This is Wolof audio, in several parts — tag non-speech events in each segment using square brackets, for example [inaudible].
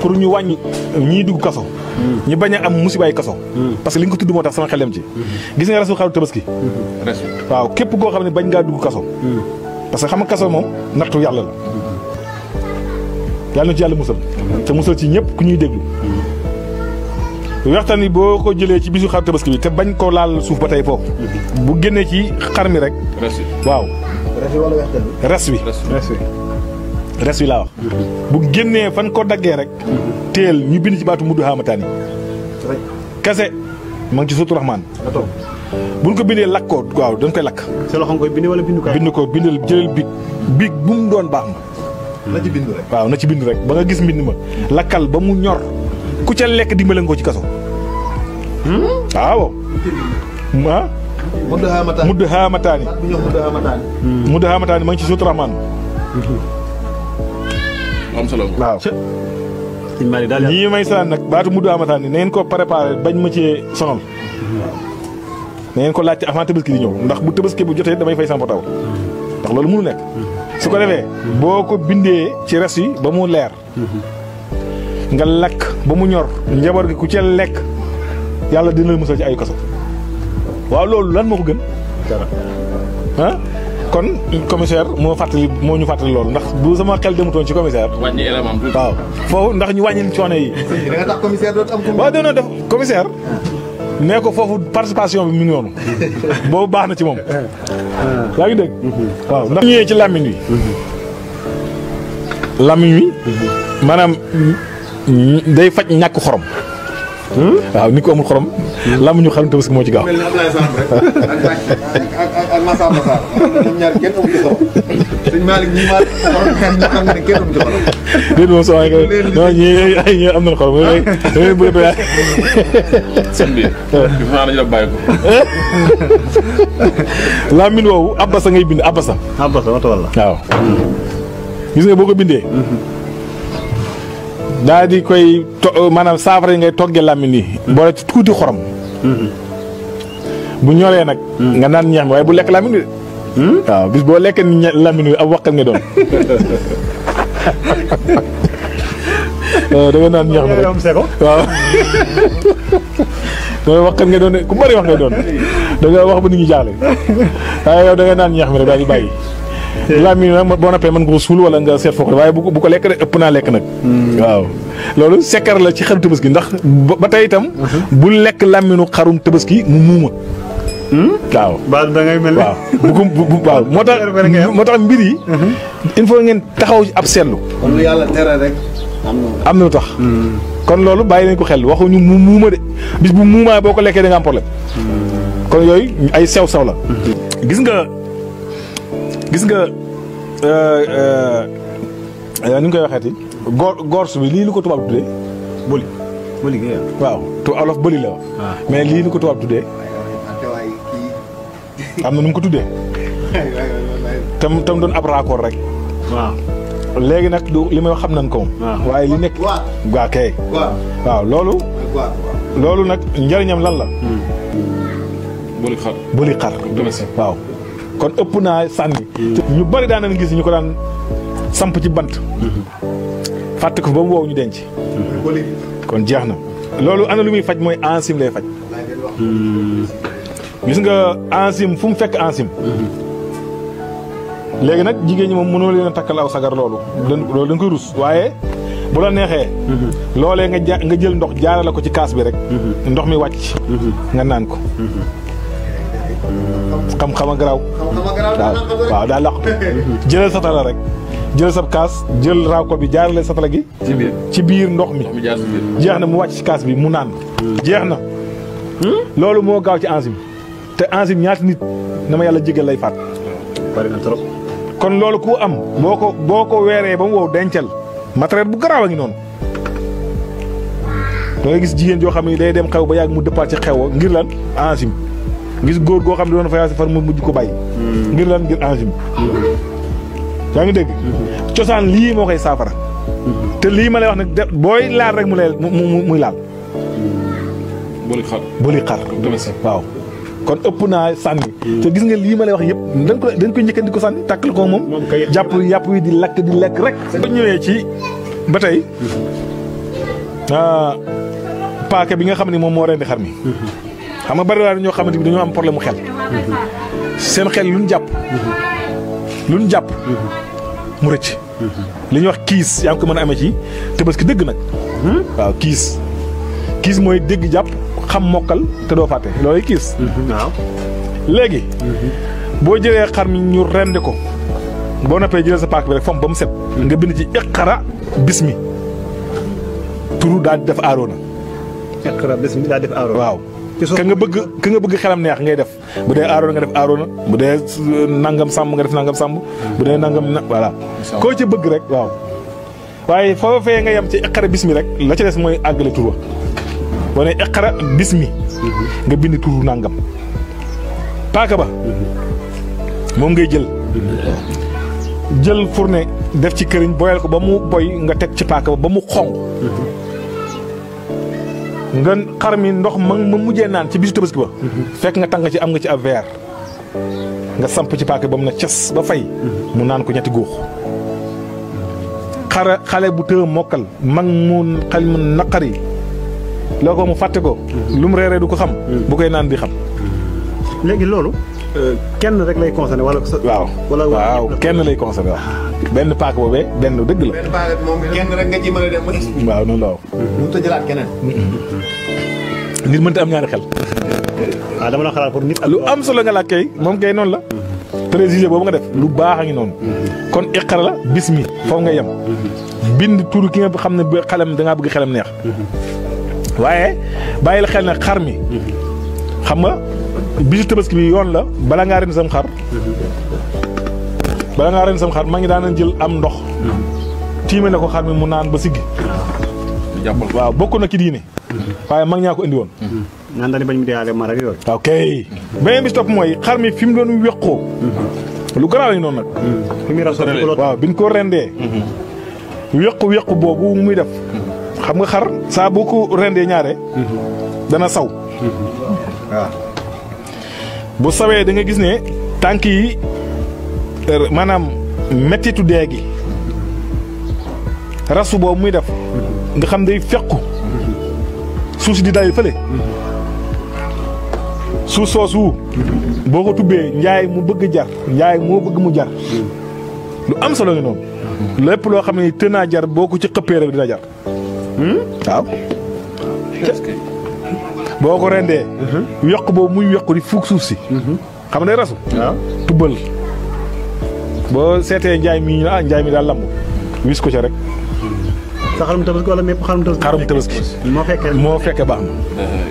pour ñu wàññi ñii dugg kaso ñu bañ am musibaay kaso parce que li nga ko tudd moo tax sama xel ci gis nga resul xaru tabaski waaw képp koo xam ne bañ ngaa dugg kaso parce que xam nga kaso moom nattu yàlla la yàlla na ci yàlla musal te musal ci ñëpp ku ñuy déglu waxtaan ni boo ko jëlee ci bisu xaru tabaski bi te bañ koo laal suuf ba tey foofu bu génnee ci xar mi rek waaw res wi res wi laa wax bu génné fan ko daggé rek téel ñu bind ci baatu mudd xaamataani kase ma ngi ci suutu rahman buñ ko bindé lakk ko waaw dañ koy lak sé loxon koy bindé wala bindu ko bind ko bindal jël big big bu mu doon baax na na ci bindu rek waaw na ci bindu rek ba nga gis ma Lakal, ba mu ñor ku ca lek di nga ko ci kaso hmm? waaw ah muddu hamatani, mudd xaamataani mudd xaamataani hmm. ma ngi ci rahman hmm. am solo waaw. sëñ Malick daal yii may saan nag baatu mu amataan ni na ngeen ko préparé bañ ma cee sonal. na ngeen ko laajte avant ki di ñëw ndax bu tabaski bu jotee damay fay sama taw ndax loolu mënu nekk. su ko defee boo ko bindee ci res yi ba mu leer. nga lakk ba mu ñor njaboot gi ku ci lekk yàlla dina la musal ci ay kaso. waaw loolu lan moo ko gën. kon commissaire moo fàttali moo ñu fàttali loolu ndax bu sama xel demutoon ci commissaire. wàññi élément waaw foofu ndax ñu wàññil coono yi. da nga tax commissaire dootu am. def commissaire. nee ko foofu participation bi mu noonu [laughs] boobu baax na ci moom. [laughs] yaa ngi dégg. Mm-hmm. waaw ndax ñëwee ci làmmiñ wi. Mm-hmm. làmmiñ wi. Mm-hmm. maanaam day faj ñàkk xorom. Hmm? waaw ni ko amul xorom. làmb ñu xarum tabaski ngay a. bind Abasa. Abasa waaw. gis nga boo ko bindee. Mm-hmm. daa koy euh, manam safara ngay togge lamini bo boole ci tuuti xorom bu ñoré nak nga nan ñam way bu lek lamini nii de waaw bis bo lek ni làmmi ab waxal nga doon da nga nan ñam mi rek waaw nga [laughs] waxal nga doon ku bari wax nga doon [laughs] da nga wax bu nit ñi jaaxle ay yow da nga nan ñam rek daal bayyi laa [laughs] mi nag boo nappee mën nga ko suul wala nga seet foofu waaye bu ko lekk de ëpp naa lekk nag hmm. waaw loolu sekkar la ci xarum tabaski ndax ba tey itam uh-huh. bu lekk làmminu xarum tabaski mu muuma hmm? waaw baal bu bu moo tax moo tax mbir yi uh-huh. il faut ngeen taxaw ab seetlu yàlla am na lu tax hmm. kon loolu bàyyi nañ ko xel waxuñu mu muuma de bis bu muumaa boo ko lekkee da nga am problème kon yooyu ay sew sew la gis nga euh, euh, ni koy waxeeti góor gorsu bi lii lu ko tubaab tuddee bëli bëli waaw tu olof bëli la ah. mais lii lu ko tubaab tuddee am na nu ko tuddee tam tam doon ab raccord rek léegi nag du li may xam nañ ko waaye li nekk waa kay waaw loolu loolu nag njëriñam lan la hmm. bëli xar bëli xar waaw kon ëpp naa sànni hmm. ñu bari daan nañ gis ñu ko daan samp ci bant hmm. fàtte ko ba mu woow ñu denc hmm. kon jeex na loolu ana lu muy faj mooy ansim lay faj gis nga ansim fu mu fekk ansim léegi nag jigéen ñi moom mënoo leen aw sagar loolu loolu dañ koy rus waaye bu la neexee loolee nga nga jël ndox jaarale ci kaas bi rek ndox mi wàcc nga naan ko xam-xam a garaaw. waaw waaw daa làq jëlal satala rek. jël sab kaas jël raaw ko bi jaarale satala gi. ci biir ci biir ndox mi. jeex na mu wàcc ci kaas bi mu naan. jeex na. Hmm? loolu moo gaaw ci enzyme. te enzyme ñaata nit na ma yàlla jégal lay faat. kon loolu ku am. boo ko boo ko weeree ba mu wow dencal. matériel bu garaaw a ngi noonu. da ngay gis jigéen joo xam ne day dem xew ba yàgg mu dëppaat ci xew wa ngir lan enzyme. gis góor goo xam ne doon fayaasi far mu mujj ko bàyyi. Hmm. ngir lan ngir enjeu yaa ngi dégg. cosaan lii moo koy saafara. Hmm. te lii ma lay wax nag booy laal rek mu lay mu muy laal. Hmm. buli xar buli xar. waaw. kon ëpp naa sànni. te gis nga lii ma lay wax yëpp dañ ko dañ ko njëkkandi ko sànni ko moom. jàpp yàpp yi di lakk di lekk rek. ba ñëwee ci ba tey ah, paaka bi nga xam ne moom moo rendi xar mi. xam nga bari na ñoo xamante bi dañoo am problème mu xel. seen xel lu ñu jàpp. lu ñu jàpp. li ñuy wax kiis yaa ngi ko mën a amee ci tabaski dëgg nag. waaw kiis kiis mooy dégg jàpp xam mokkal te doo fàtte loolu kiis. léegi. boo jëlee xar mi ñu rendi ko boo nappee jëlee sa paak bi rek fomp ba mu set. nga bind ci iqara bismi turu daal di def aaroona. iqara bismi daal di def aaroona ka nga bëgg ka nga bëgg xelam neex ngay def bu dee aaroon nga def aaroona bu dee euh, nangam sàmm nga def nangam sàmm bu dee nangam na voilà koo ci bëgg rek waaw waaye foo fee nga yem ci iqra bismi rek la ci des mooy àggale tur wa boo ne iqra bismi mhm. nga bind turu nangam paaka ba mhm. moom ngay jël jël fourne def ci këriñ boyal ko ba mu boy nga teg ci paaka ba ba mu xonq mhm. nga xar mi ndox ma mu mujjee naan ci bisu tabaski ba fekk nga tàng ci am nga ci ab verre nga samp ci paaka ba mu ne ces ba fay mu naan ko ñetti góox xara xale bu tëë mokkal mag mu xel mu naqari loo ko mu fàtte ko lu mu reeree du ko xam bu koy naan di xam léegi loolu kenn rek lay concerné wala. waaw waaw kenn lay concerné waaw. benn paak boobee benn dëgg la. rek nga ci mën a dem ba expliqué. waaw noonu la waaw. mënut tëjalaat keneen. nit mënta am ñaari xel. Ah, lu am solo nga laaj kay moom kay noonu la. précisé boobu nga def lu baax a ngi noonu. kon iqara la bismi foofu nga yem. bind tur ki nga xam ne xelam da bëgg xelam neex. waaye bàyyil xel ne xar mi. xam nga bisu tabaski bi yoon la bala nga ren sam xar bala nga ren sam xar ma ngi daana jël am ndox timé nako ko xar mi mu naan ba siggi waaw bokku na ki diine waye mag ñaa ko indi won nga dañu bañ mu deyaale mar ak ok beneen bi stop moy xar mi fim doon weqoo lu garaaw lañu noonu nag waaw bi ko rendé wequ wequ bobu mu def xam nga xar sa boo rendé ñaare dana saw waaw bu sawee da nga gis ne tànk yi er, maanaam mettitu dee gi rasu boobu muy def nga xam day fequ suuf si di dayu fële suuf soosu boo ko tubbee njaay mu bëgg jar njaay moo bëgg mu jar lu am solo ngi noonu lépp loo xam ne tën naa jar boo ko ci xëppee rek dina jar hmm? waaw boo ko rendee mhm. yokk boobu muy yokk di fuug suuf si mhm. xam nga day rasu tubbal boo seetee njaay mi ñu ah njaay mi daal lamb wis ko ca rek sa xarum tabaski wala mépp xarum tabaski moo fekkee moo fekkee baax na mhm.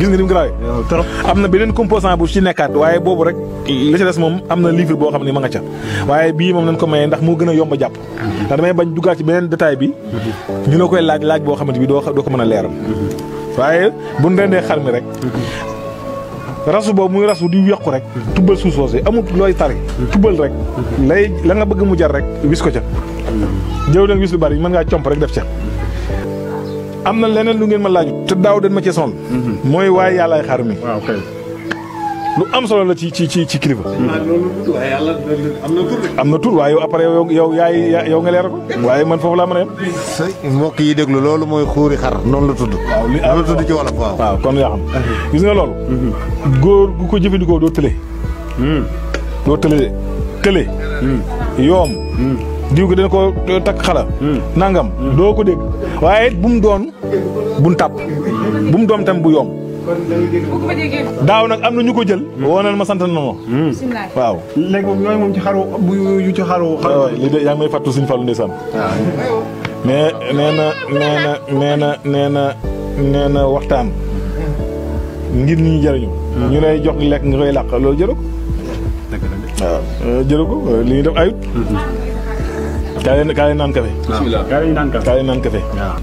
[laughs] gis nga ni grawee am na beneen composant bu ci nekkaat waaye boobu rek li ci des moom am na livre boo xam ne ma nga ca waaye bii moom nañ ko maye ndax moo gën a yomb a jàpp ndax damay bañ duggaat ci beneen détail bi ñu la koy laaj laaj boo xamante bi doo ko mën a leeral waaye bu ñu rendee xar mi rek rasu boobu muy rasu di yokku rek tubbal suuf soosé amul looy tari tubbal rek lay la nga bëgg mu jar rek wis ko ca jëw leen wis lu bari mën ngaa comp rek def ca am na leneen lu ngeen ma laaju te daaw den ma ci sonal mm-hmm. mooy waaye yàllaay xar mi lu am solo la ci ci ci ci kilifa. am na tur waaye yow après yow yaay yow nga ko. waaye man foofu laa mën a mbokk yi déglu loolu mooy xuuri xar noonu la tudd. waaw li am ah, tudd ci wolof waaw. waaw kon yaa xam gis nga loolu. Mhm. góor gu ko jëfandikoo doo tële. Hmm. doo tële hmm. yoom. Hmm. diw gi dana ko eh, takk xala. nangam. doo ko dégg waaye bu mu doon bu mu bu mu doon tam bu yoom. daaw nag am na ñu ko jël. Hmm. woonal ma sant na ma. Hmm. waaw. léegi moom ci xaru yu ci xaru. xaru li de yaa ngi may fàttu suñu Fallou ndeysaan. waaw. nee nee na nee na nee na nee na waxtaan. ngir ñu jëriñu. Hmm. ñu lay jox lekk nga koy làq loolu jëru ko. Eh, eh, li ñuy def ayut. kaa leen kaa leen naan kafe. bisimilah kaa leen naan kafe kaa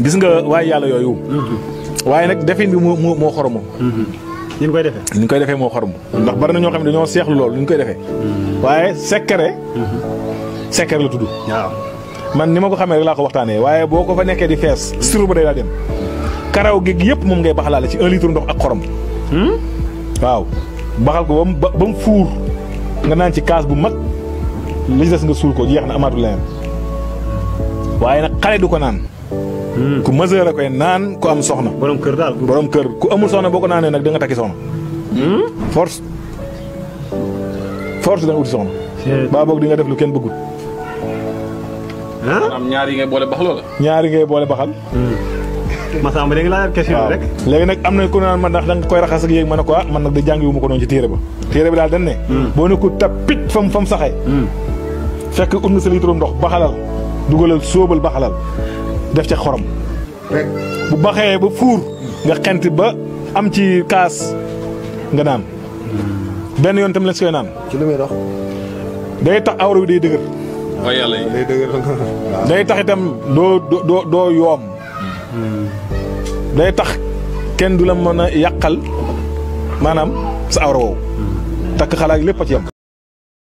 gis nga waaye yàlla yooyu waaye nak defin bi mo moo xoromu ñu koy defé ñu koy defé mo xormo ndax barna ño xam dañu dañoo lool ñu koy defee waaye sekkare secret la tuddu waaw man nima ko xamé rek la ko waxtané waye boko fa nekké di fess suru ba day daa dem karaw gi yépp mom ngay baxalaale ci un litre ndox ak xorom hmm? waaw baxal ko bam bam four nga nan ci kaas bu mag li dess nga sul ko jeex na amatu leneen waye nak xalé du ko nan ku majeur a koy naan ku am soxna. borom kër daal borom kër ku amul soxna boo ko naanee nag da nga takki soxna. Hmm? force force da nga uti soxna. baa boog di nga def lu kenn bëggut. ah am ñaari yi ngay boole bax loola. ñaar yi ngay boole baxal. Hmm. Massamba léegi laa question rek. léegi nag am na ku naan man ndax danga koy raxas ak yéeg ma ne ko ah man nag da jàngi ko noonu ci téere ba. téere bi daal dañ ne. Hmm. boo ne ko tapit fam fam saxee. fekk ut nga sa litre ndox baxalal dugalal sóobal baxalal def ci xorom bu baxee ba fuur nga xent ba am ci kaas nga naan benn yoon tam la si koy naan ci lu muy day tax awra bi day dëgër day dëgër [laughs] day tax doo doo doo yoom day tax kenn du la mën a yàqal maanaam sa awra woowu takk xalaat lépp a ci yam